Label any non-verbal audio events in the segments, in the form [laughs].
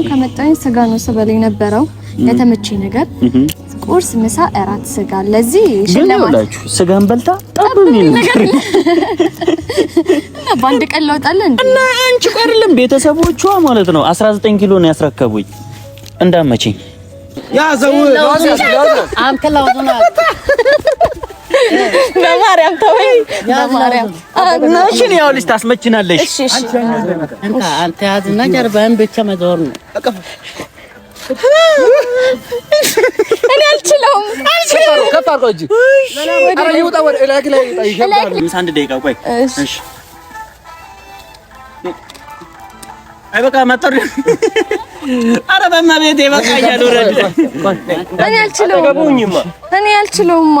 አሁን ከመጣኝ ስጋ ነው ስበል የነበረው የተመቼ ነገር ቁርስ፣ ምሳ፣ እራት ስጋ። ለዚህ ሽለማት ስጋን በልታ ጠብ ነገር እና በአንድ ቀን ለውጣለ እና አንቺ ቀርልም ቤተሰቦቿ ማለት ነው 19 ኪሎ ነው ያስረከቡኝ እንዳመቼኝ ያ ዘው በማርያም ተወኝ። በማርያም አንቺን ያው ልጅ ታስመችናለሽ። አንተ እሺ፣ አንተ ያዝና ብቻ መዞር ነው። እኔ አልችለውም። አንድ ደቂቃ ቆይ። እሺ በቃ መጣሁ። ኧረ እኔ አልችለውማ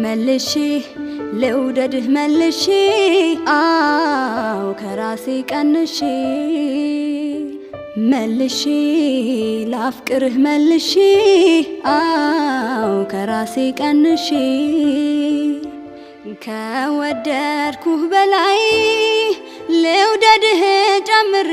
መልሼ ልውደድህ መልሼ አው ከራሴ ቀንሼ መልሼ ላፍቅርህ መልሼ አው ከራሴ ቀንሼ ከወደድኩህ በላይ ልውደድህ ጨምሬ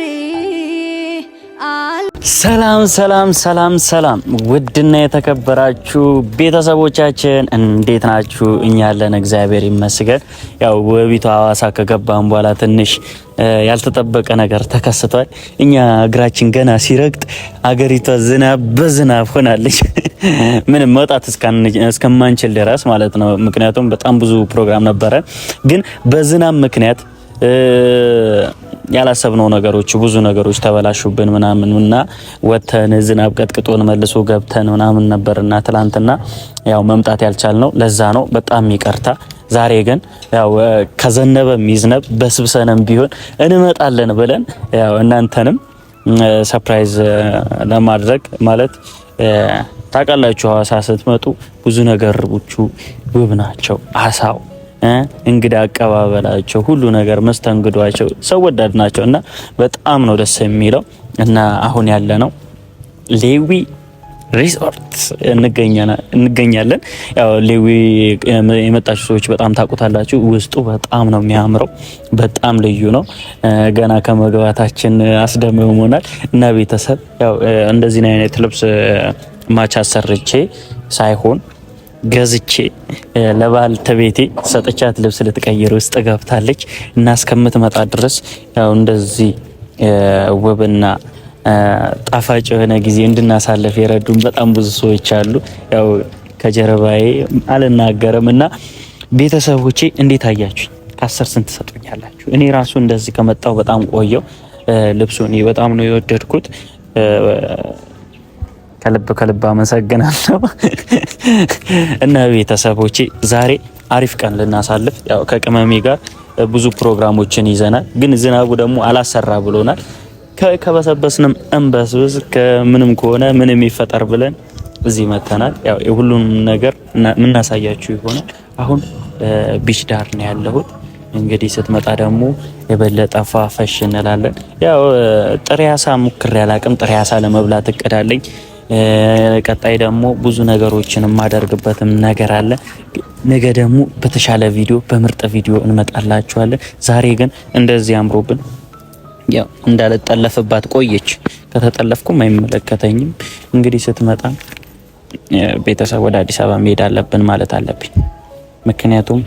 አል ሰላም ሰላም ሰላም ሰላም ውድና የተከበራችሁ ቤተሰቦቻችን እንዴት ናችሁ? እኛ ያለን እግዚአብሔር ይመስገን። ያው ውቢቷ ሀዋሳ ከገባን በኋላ ትንሽ ያልተጠበቀ ነገር ተከስቷል። እኛ እግራችን ገና ሲረግጥ አገሪቷ ዝናብ በዝናብ ሆናለች። [laughs] ምንም መውጣት እስከማንችል ድረስ ማለት ነው። ምክንያቱም በጣም ብዙ ፕሮግራም ነበረ፣ ግን በዝናብ ምክንያት ያላሰብነው ነገሮች ብዙ ነገሮች ተበላሹብን ምናምን እና ወተን ዝናብ ቀጥቅጦን መልሶ ገብተን ምናምን ነበርና ትላንትና ያው መምጣት ነው። ለዛ ነው። በጣም ይቀርታ። ዛሬ ግን ያው ከዘነበም ይዝነብ በስብሰነም ቢሆን እንመጣለን ብለን ያው እናንተንም ሰርፕራይዝ ለማድረግ ማለት ታውቃላችሁ፣ ሀዋሳ ስትመጡ ብዙ ነገሮቹ ውብ ናቸው አሳው እንግዳ አቀባበላቸው፣ ሁሉ ነገር መስተንግዷቸው፣ ሰው ወዳድ ናቸው እና በጣም ነው ደስ የሚለው እና አሁን ያለ ነው ሌዊ ሪዞርት እንገኛለን። ያው ሌዊ የመጣችሁ ሰዎች በጣም ታውቁታላችሁ። ውስጡ በጣም ነው የሚያምረው፣ በጣም ልዩ ነው። ገና ከመግባታችን አስደምሞናል እና ቤተሰብ ያው እንደዚህ አይነት ልብስ ማቻ ሰርቼ ሳይሆን ገዝቼ ለባልተቤቴ ሰጥቻት ልብስ ልትቀይር ውስጥ ገብታለች እና እስከምትመጣ ድረስ ያው እንደዚህ ውብና ጣፋጭ የሆነ ጊዜ እንድናሳለፍ የረዱን በጣም ብዙ ሰዎች አሉ። ያው ከጀርባዬ አልናገርም እና ቤተሰቦቼ እንዴት አያችሁኝ? ከአስር ስንት ሰጡኛላችሁ? እኔ ራሱ እንደዚህ ከመጣው በጣም ቆየው። ልብሱን በጣም ነው የወደድኩት። ከልብ ከልብ አመሰግናለሁ እና ቤተሰቦቼ ዛሬ አሪፍ ቀን ልናሳልፍ ያው ከቅመሜ ጋር ብዙ ፕሮግራሞችን ይዘናል። ግን ዝናቡ ደግሞ አላሰራ ብሎናል። ከበሰበስንም እንበስብስ ከምንም ከሆነ ምንም ይፈጠር ብለን እዚህ መተናል። ያው የሁሉንም ነገር የምናሳያችሁ ይሆናል። አሁን ቢች ዳር ነው ያለሁት። እንግዲህ ስትመጣ ደግሞ የበለጠ ፋፈሽ እንላለን። ያው ጥሬ አሳ ሙክሬ አላቅም። ጥሬ አሳ ለመብላት እቅዳለኝ። ቀጣይ ደግሞ ብዙ ነገሮችን የማደርግበትም ነገር አለ። ነገ ደግሞ በተሻለ ቪዲዮ በምርጥ ቪዲዮ እንመጣላችኋለን። ዛሬ ግን እንደዚህ አምሮብን ያው እንዳልጠለፍባት ቆየች። ከተጠለፍኩም አይመለከተኝም። እንግዲህ ስትመጣ ቤተሰብ ወደ አዲስ አበባ መሄድ አለብን ማለት አለብኝ። ምክንያቱም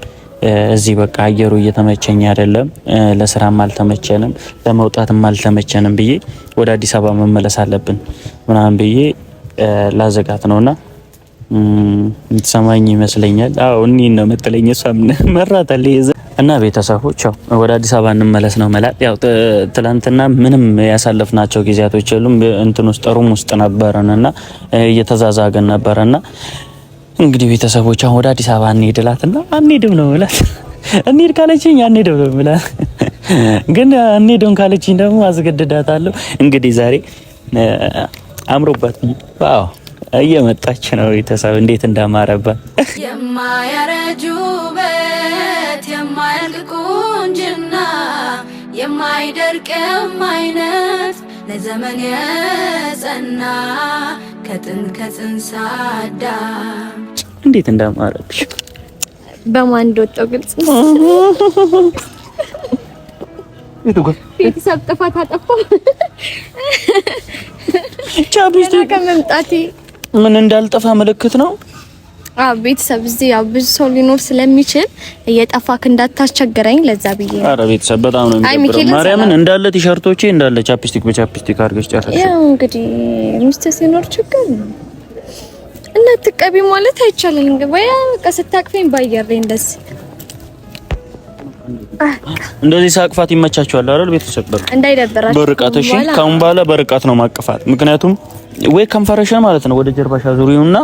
እዚህ በቃ አየሩ እየተመቸኝ አይደለም፣ ለስራም አልተመቸንም፣ ለመውጣትም አልተመቸንም ብዬ ወደ አዲስ አበባ መመለስ አለብን ምናምን ብዬ ላዘጋት ነው እና ሰማኝ ይመስለኛል። አዎ እኒን ነው መጥለኝ ሳምነ መራታል እና ቤተሰቦች ያው ወደ አዲስ አበባ እንመለስ ነው መላጥ። ያው ትላንትና ምንም ያሳለፍናቸው ጊዜያቶች የሉም። እንትን ውስጥ ሩም ውስጥ ነበረን እና እየተዛዛገን ነበረና እንግዲህ ቤተሰቦች አሁን ወደ አዲስ አበባ እንሄድላት እላትና አንሄድም ነው ምላት። እንሄድ ካለችኝ አንሄድም ነው ምላት፣ ግን አንሄድም ካለችኝ ደግሞ አስገድዳታለሁ። እንግዲህ ዛሬ አምሮባት ዋው እየመጣች ነው ቤተሰብ፣ እንዴት እንዳማረባት የማያረጁበት የማያልቅ ቁንጅና የማይደርቅ የማይነት ለዘመን የጸና ከጥን ከጽንሳ አዳም እንዴት እንዳማረብሽ በማን እንደወጣው ግልጽ ነው። ቤተሰብ ጥፋት አጠፋ ከመምጣቴ ምን እንዳልጠፋ ምልክት ነው። አዎ ቤተሰብ እዚህ ያው ብዙ ሰው ሊኖር ስለሚችል እየጠፋክ እንዳታስቸግረኝ ለዛ ብዬ ነው። አረ ቤተሰብ በጣም ነው የሚደብረው። ማርያምን እንዳለ ቲሸርቶቼ እንዳለ ቻፕስቲክ በቻፕስቲክ አድርገሽ ጨረሽ። ያው እንግዲህ ሚስት ሲኖር ችግር ነው እና ትቀቢ ማለት አይቻልም። ወይ በቃ ስታቅፈኝ ባየር ላይ እንደዚህ እንደዚህ ሳቅፋት ይመቻቸዋል አይደል? ቤተሰብ በቃ እንዳይደበራችሁ በርቀት። እሺ ካሁን በኋላ በርቀት ነው ማቅፋት። ምክንያቱም ወይ ከንፈረሽን ማለት ነው ወደ ጀርባሽ አዙሪውና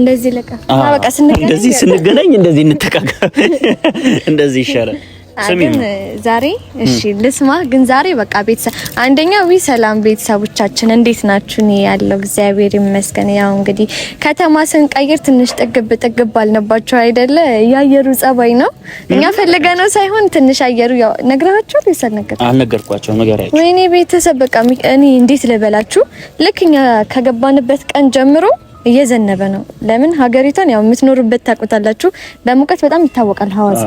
እንደዚህ ለቀ። አዎ በቃ ስንገናኝ እንደዚህ እንተቃቀፍ፣ [laughs] እንደዚህ ይሻላል። ግን ዛሬ እሺ ልስማ። ግን ዛሬ በቃ ቤተሰብ አንደኛ ዊ ሰላም ቤተሰቦቻችን እንዴት ናችሁ? ነው ያለው። እግዚአብሔር ይመስገን። ያው እንግዲህ ከተማ ስንቀይር ትንሽ ጥግብ ጥግብ አልነባቸው አይደለ? የአየሩ ጸባይ ነው። እኛ ነው ሳይሆን ትንሽ አየሩ ያው ነግራችሁ ይሰል ነገር አልነገርኳቸው ነገራችሁ። ወይኔ ቤተሰብ በቃ እኔ እንዴት ልበላችሁ ልክ እኛ ከገባንበት ቀን ጀምሮ እየዘነበ ነው። ለምን ሀገሪቷን ያው የምትኖሩበት ታውቁታላችሁ፣ በሙቀት በጣም ይታወቃል ሀዋሳ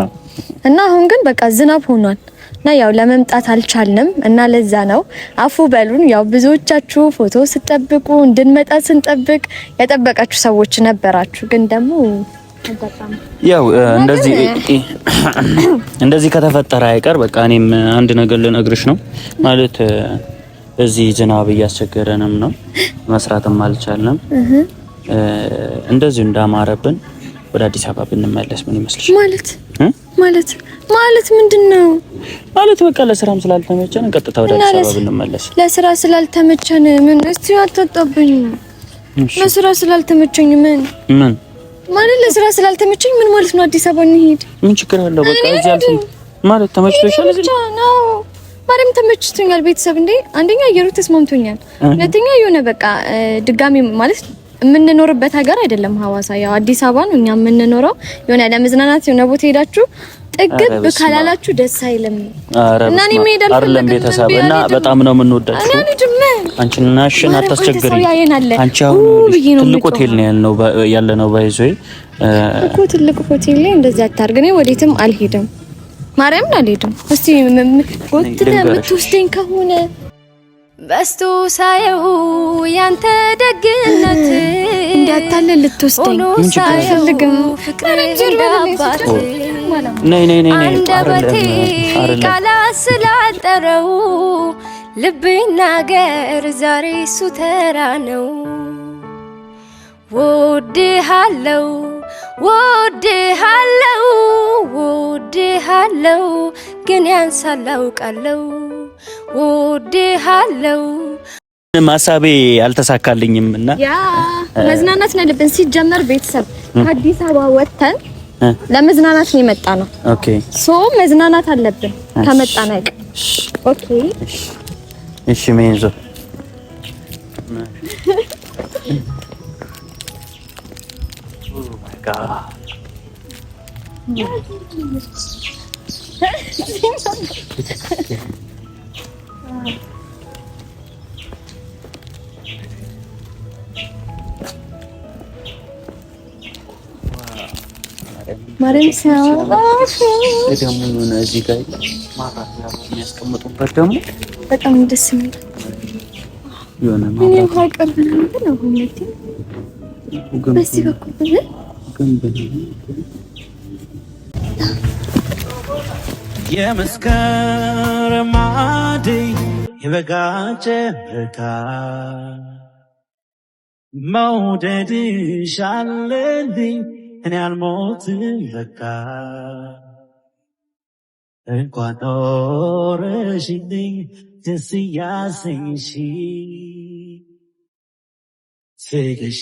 እና አሁን ግን በቃ ዝናብ ሆኗል እና ያው ለመምጣት አልቻልንም እና ለዛ ነው አፉ በሉን። ያው ብዙዎቻችሁ ፎቶ ስጠብቁ እንድንመጣ ስንጠብቅ የጠበቃችሁ ሰዎች ነበራችሁ፣ ግን ደግሞ ያው እንደዚህ እንደዚህ ከተፈጠረ አይቀር በቃ እኔም አንድ ነገር ልነግርሽ ነው ማለት እዚህ ዝናብ እያስቸገረንም ነው፣ መስራትም አልቻልንም። እንደዚሁ እንዳማረብን ወደ አዲስ አበባ ብንመለስ ምን ይመስልሽ? ማለት ማለት ማለት ምንድን ነው ማለት? በቃ ለስራም ስላልተመቸን ቀጥታ ወደ አዲስ አበባ ብንመለስ። ለስራ ስላልተመቸን ምን? እስቲ አታጣብኝ። ለስራ ስላልተመቸኝ ምን ምን ማለት? ለስራ ስላልተመቸኝ ምን ማለት ነው? አዲስ አበባ እንሂድ። ምን ችግር አለው? በቃ እዚህ አልፍ ማለት ተመችቶሻል? እዚህ ነው ማርያም ተመችቶኛል። ቤተሰብ እንዴ፣ አንደኛ አየሩ ተስማምቶኛል፣ ሁለተኛ የሆነ በቃ ድጋሚ ማለት የምንኖርበት ሀገር አይደለም ሀዋሳ። ያው አዲስ አበባ ነው እኛ የምንኖረው። የሆነ ለመዝናናት የሆነ ቦታ ሄዳችሁ ጥግብ ካላላችሁ ደስ አይልም። እና እኔ መሄድ አልፈለግም ቤተሰብ እና በጣም ነው የምንወዳችሁ። አንቺን እናሽን አታስቸግሪ። አንቺ አሁን ትልቅ ሆቴል ነው ያለነው ያለነው ባይዞይ እኮ ትልቅ ሆቴል ላይ እንደዚህ አታርግ። እኔ ወዴትም አልሄድም፣ ማርያምን አልሄድም። እስቲ ጎትተህ የምትወስደኝ ከሆነ በስቱ ሳየው ያንተ ደግነት እንዳታለ ልትወስደኝ ሳየው ፍቅር ስላጠረው ልቤ ናገር ዛሬ እሱ ተራ ነው። ወድሃለው ወድሃለው ወድሃለው ግን ያንሳላውቃለው ወድሃለው። ማሳቤ አልተሳካልኝም እና ያ መዝናናት ነው ያለብን። ሲጀመር ቤተሰብ ከአዲስ አበባ ወጥተን ለመዝናናት ነው የመጣ ነው። ኦኬ ሶ መዝናናት አለብን ከመጣ ነው። ኦኬ እሺ ሜንዞ ኦ ማይ ጋድ ማርያም ሲያወራ ደግሞ የሆነ እዚህ ጋር ማታ የሚያስቀምጡበት ደግሞ በጣም ደስ የሚል የሆነ ማታ የመስከረም አደይ የበጋ ጨረቃ መውደድሽ አለልኝ እኔ አልሞትም በቃ እንኳን ኖረሽልኝ ደስ ያሰኝሽ ፍቅርሽ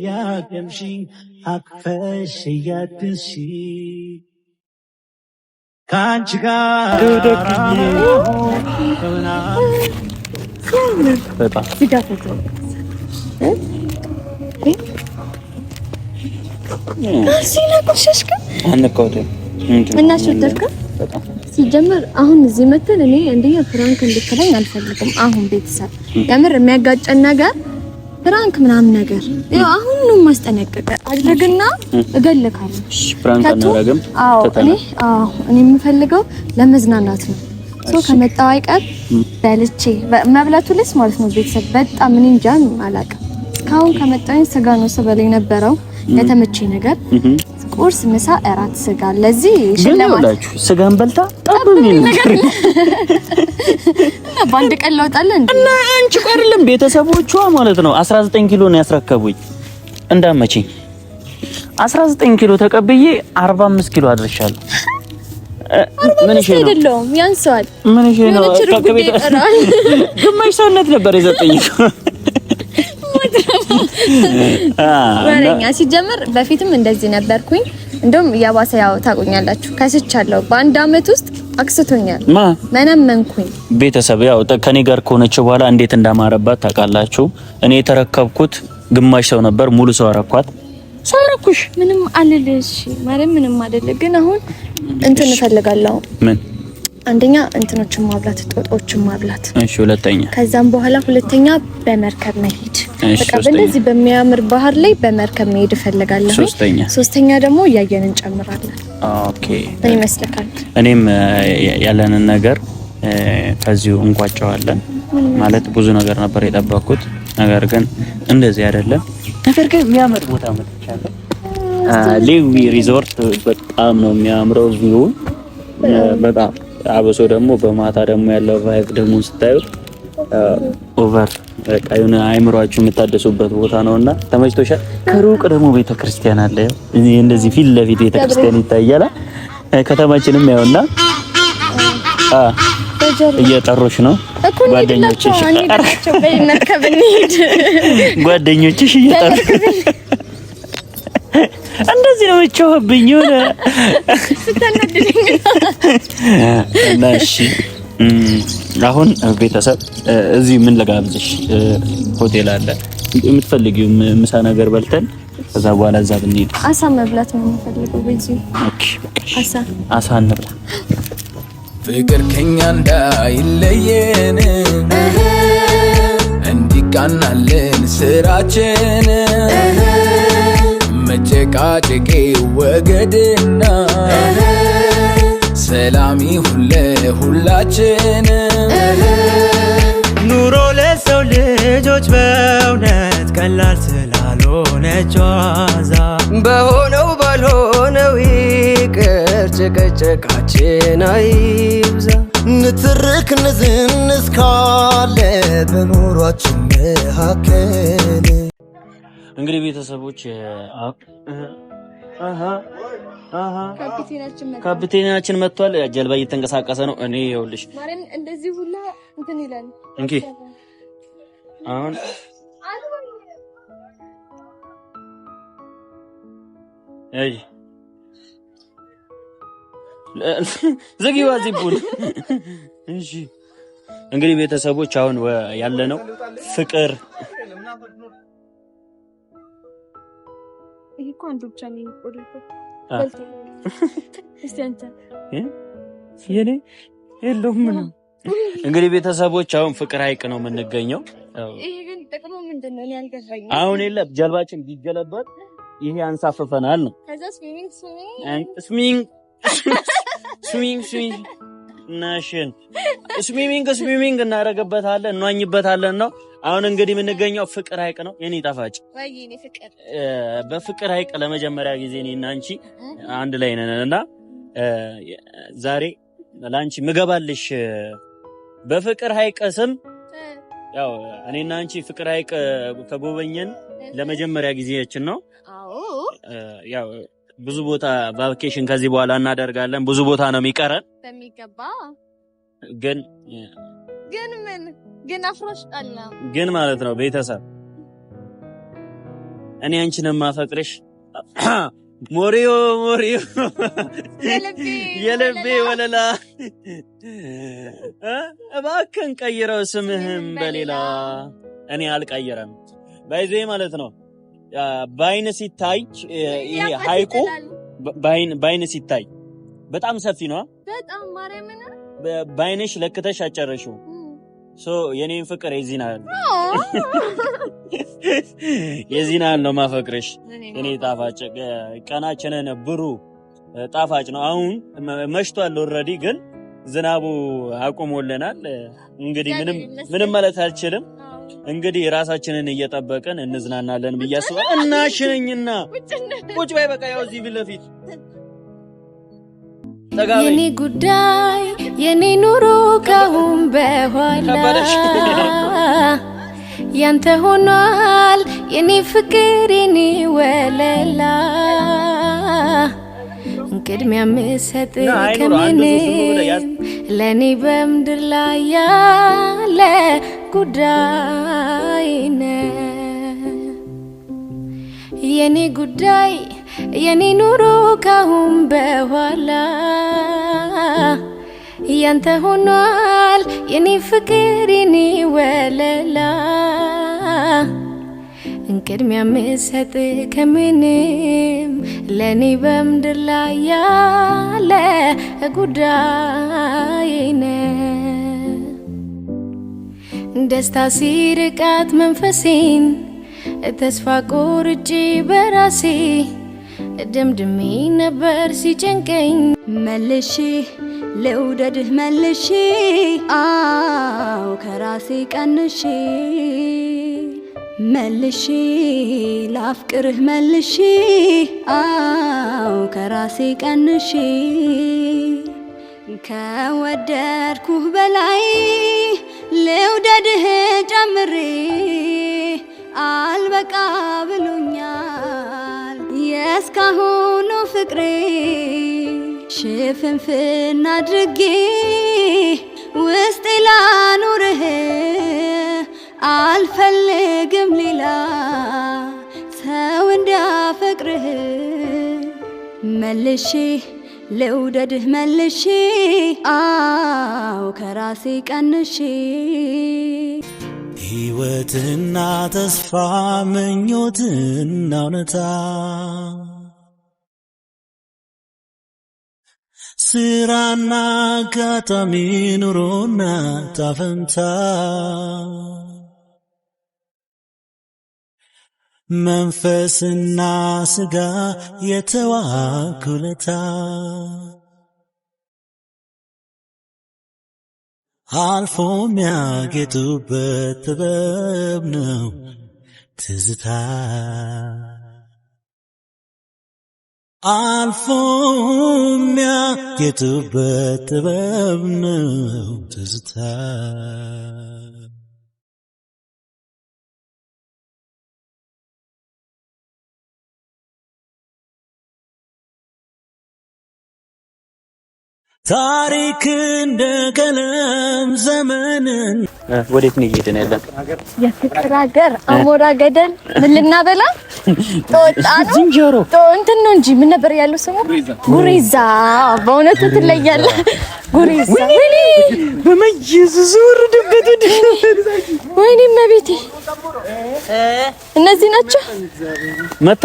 እያገምሽኝ አቅፈሽ እያድስሽ ከአንቺ ጋር ሲጀመር አሁን እዚህ መተን እኔ እንደኛ ፍራንክ እንድትለኝ አልፈልግም። አሁን ቤተሰብ የምር የሚያጋጨን ነገር ፕራንክ ምናምን ነገር ያው አሁን ነው ማስጠነቀቀ አድርግና እገልካለሁ። እሺ ፕራንክ አናረግም። አዎ እኔ አዎ እኔ የምፈልገው ለመዝናናት ነው። ሶ ከመጣው አይቀር በልቼ መብላቱ ልስ ማለት ነው። ቤተሰብ በጣም እኔ እንጃ አላውቅም። ካሁን ከመጣኝ ስጋ ነው ስበል የነበረው የተመቼ ነገር ቁርስ፣ ምሳ፣ እራት ስጋ። ለዚህ ሽልማት ስጋን በልታ ጠብ ምን ነገር እና በአንድ ቀን ላውጣለን እና አንቺ ቀርልም አይደለም ቤተሰቦቿ ማለት ነው 19 ኪሎ ነው ያስረከቡኝ እንዳመችኝ 19 ኪሎ ተቀብዬ 45 ኪሎ አድርሻለሁ። ምን እሺ ነው ያንሰዋል። ምን እሺ ነው [laughs] ግማሽ ሰውነት ነበር የዘጠኝ ወረኛ [laughs] ሲጀመር በፊትም እንደዚህ ነበርኩኝ። እንደውም እያባሰ ያው ታቆኛላችሁ። ከስቻለሁ። በአንድ አመት ውስጥ አክስቶኛል። መነመንኩኝ። ቤተሰብ ያው ከኔ ጋር ከሆነች በኋላ እንዴት እንዳማረባት ታውቃላችሁ። እኔ የተረከብኩት ግማሽ ሰው ነበር፣ ሙሉ ሰው አረኳት። ሰው አረኩሽ ምንም አልልሽ፣ ማርያም ምንም አይደለ። ግን አሁን እንትን እፈልጋለሁ ምን አንደኛ እንትኖችን ማብላት ጦጦችን ማብላት። እሺ፣ ሁለተኛ ከዛም በኋላ ሁለተኛ በመርከብ መሄድ። በቃ በእንደዚህ በሚያምር ባህር ላይ በመርከብ መሄድ እፈልጋለሁ። ሶስተኛ ሶስተኛ ደግሞ እያየን እንጨምራለን። ኦኬ፣ ምን ይመስልካል? እኔም ያለንን ነገር ከዚሁ እንቋጨዋለን። ማለት ብዙ ነገር ነበር የጠበኩት፣ ነገር ግን እንደዚህ አይደለም። ነገር ግን የሚያምር ቦታ መጥቻለሁ። ሊዊ ሪዞርት በጣም ነው የሚያምረው ቪው በጣም አብሶ ደግሞ በማታ ደግሞ ያለው ቫይብ ደግሞ ስታዩት ኦቨር በቃ የሆነ አይምሯችሁ የምታደሱበት ቦታ ነውና ተመችቶሻል። ከሩቅ ደግሞ ቤተ ክርስቲያን አለ። እዚህ እንደዚህ ፊት ለፊት ቤተ ክርስቲያን ይታያል። ከተማችንም ያውና አ እየጠሩሽ ነው ጓደኞችሽ፣ ጓደኞችሽ እየጠሩ እንደዚህ ነው የምትጮህብኝ የሆነ ስታናድደኝ እና እሺ አሁን ቤተሰብ እዚህ ምን ለጋብዝሽ? ሆቴል አለ የምትፈልጊው ምሳ ነገር በልተን ከዛ በኋላ እዛ ብንሄድ አሳ መብላት ነው የምፈልገው። በዚህ አሳ አሳ እንብላ። ፍቅር ከኛ እንዳይለየን እንዲቃናልን ስራችን መጨቃጨቄ ወገድና ሰላም ሁለ ሁላችን ኑሮ ለሰው ልጆች በእውነት ቀላል ስላልሆነች በሆነው ባልሆነው ይቅር ጭቅጭቃችን አይብዛ። ንትርክ ንዝንዝ ካለ በኑሯችን መካከል እንግዲህ ቤተሰቦች ካፒቴናችን መጥቷል። ጀልባ እየተንቀሳቀሰ ነው። እኔ ይኸውልሽ እንደዚህ ሁላ እንትን ይላል። እንኪ አሁን አይ ዘግይዋ ዚቡል እንጂ እንግዲህ ቤተሰቦች አሁን ያለ ነው ፍቅር ይሄ እኮ አንዱ ብቻ ነው የሚቆደበት። የለውም ነው እንግዲህ ቤተሰቦች፣ አሁን ፍቅር ሐይቅ ነው የምንገኘው። አሁን የለም ጀልባችን ቢገለበጥ ይሄ አንሳፍፈናል ነው ስሚንግ ስሚሚንግ እናደርግበታለን፣ እንዋኝበታለን ነው አሁን እንግዲህ የምንገኘው ፍቅር ሐይቅ ነው። የኔ ጣፋጭ በፍቅር ሐይቅ ለመጀመሪያ ጊዜ እኔና አንቺ አንድ ላይ ነን እና ዛሬ ለአንቺ ምገባልሽ በፍቅር ሐይቅ ስም ያው እኔና አንቺ ፍቅር ሐይቅ ከጎበኘን ለመጀመሪያ ጊዜያችን ነው። ያው ብዙ ቦታ ቫኬሽን ከዚህ በኋላ እናደርጋለን። ብዙ ቦታ ነው የሚቀረን ግን ግን ምን ግን አፍሮሽ ጣላ ግን ማለት ነው ቤተሰብ እኔ አንቺን ማፈቅርሽ [coughs] ሞሪዮ ሞሪዮ የልቤ [laughs] ወለላ እባክን ቀይረው ስምህም በሌላ እኔ አልቀይረም ባይዜ ማለት ነው በአይን ሲታይ ይሄ ሐይቁ በአይን ሲታይ በጣም ሰፊ ነው። በጣም ማርያምን በአይንሽ ለክተሽ አጨረሽው። የኔን ፍቅር የዚህን ያህል [laughs] ነው ማፈቅርሽ። እኔ ጣፋጭ ቀናችንን ብሩ ጣፋጭ ነው። አሁን መሽቷል ኦልሬዲ፣ ግን ዝናቡ አቁሞልናል። እንግዲህ ምንም ምንም ማለት አልችልም። እንግዲህ ራሳችንን እየጠበቅን እንዝናናለን ብዬ አስባለሁ። እና ቁጭ በይ በቃ ያው እዚህ ፊት ለፊት የኔ ጉዳይ የኔ ኑሮ ካሁን በኋላ ያንተ ሆኗል። የኔ ፍቅር የኔ ወለላ ቅድሚያ ምሰጥ ከምንም ለእኔ በምድር ላይ ያለ ጉዳይ ነ የኔ ጉዳይ የኔ ኑሮ ካሁን በኋላ ያንተ ሆኗል የኔ ፍቅር የኔ ወለላ እንቅድሚያ ምሰጥ ከምንም ለእኔ በምድር ላይ ያለ ጉዳይነ ደስታ ሲርቃት መንፈሴን ተስፋ ቆርጬ በራሴ ደምድሜ ነበር ሲጨንቀኝ መልሼ ልውደድህ መልሺ አው ከራሴ ቀንሺ መልሺ ላፍቅርህ መልሺ አው ከራሴ ቀንሺ ከወደድኩህ በላይ ልውደድህ ጨምሬ አልበቃ ብሎኛል የእስካሁኑ ፍቅሬ ሽፍንፍና አድርጌ ውስጥ ላኑርህ አልፈልግም ሌላ ሰው እንዲያፈቅርህ መልሼ ልውደድህ መልሼ አው ከራሴ ቀንሼ ሕይወትና ተስፋ ምኞትና እውነታ ስራና አጋጣሚ ኑሮና ጣፈንታ መንፈስና ስጋ የተዋኩለታ አልፎ የሚያጌጡበት ጥበብ ነው ትዝታ አልፎ የትበት ጥበብ ነው ትዝታ ታሪክን እንደ ዘመንን ወዴት ነው እየሄድን ያለን? የፍቅር ሀገር አሞራ ገደል ምን ልናበላ ጦጣ ነው ዝንጀሮ እንትን ነው እንጂ ምን ነበር ያለው ስሙ? ጉሬዛ። በእውነቱ ትለያለህ። ጉሬዛ ወይኔ፣ በመየሱስ ወረደበት። ወይኔ መቤቴ፣ እነዚህ ናቸው መታ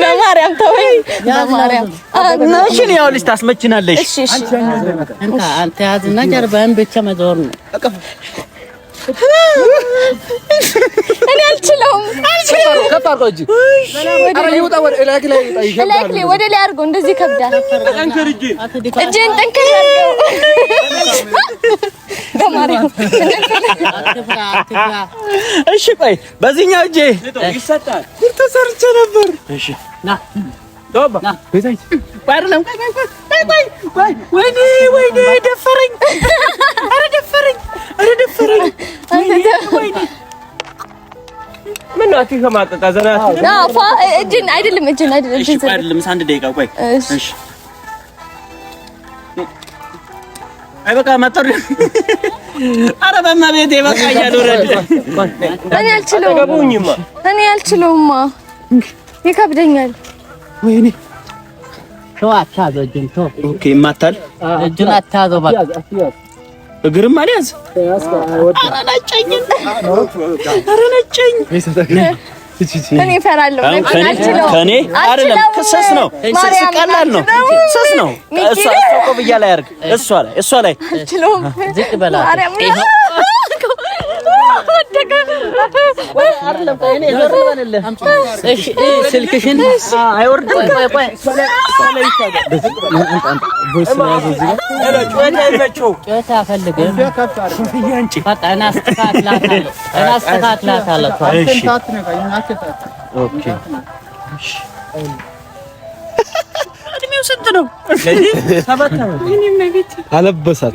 በማርያም ተወኝ። ይኸውልሽ ታስመችናለሽ። አንተ ያዝና ጀርባህን ብቻ መዞር ነው። እኔ አልችለውም። ከፍ ወደ ላይ አድርገው። እንደዚህ ይከብዳል እጅን ጠንከር አድርገው። እሺ ቆይ፣ በዚህኛው እጄ ተሰርቼ ነበር አይደለም። ቆይ ቆይ ቆይ ወይኔ ወይኔ፣ ደፈረኝ! ኧረ ደፈረኝ! ኧረ ደፈረኝ! ወይኔ ነው አትንከማቀቃ፣ ዘና እጅን አይደለም፣ እጅን አይደለም። እሺ ቆይ አይደለም፣ አንድ ደቂቃ ቆይ። እሺ አይ በቃ መጣሁ። በቃ እኔ አልችለውም፣ እኔ አልችለውማ፣ ይከብደኛል። ወይኔ ተው አታዘው፣ እጁን ተው። ኦኬ ይማታል። እጁን አታዘው በቃ እግርም አልያዝ። ኧረ ነጨኝ፣ ኧረ ነጨኝ። እኔ እፈራለሁ። ከእኔ አይደለም ክሰስ ነው። ቀላል ነው። ነው። እሷ ላይ አድርግ። እሷ ላይ እሷ ላይ ዝቅ ስልክሽን አይወርድም። እድሜው ስንት ነው? አለበሳት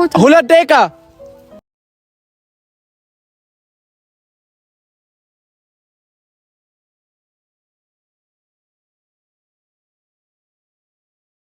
हुलर डे का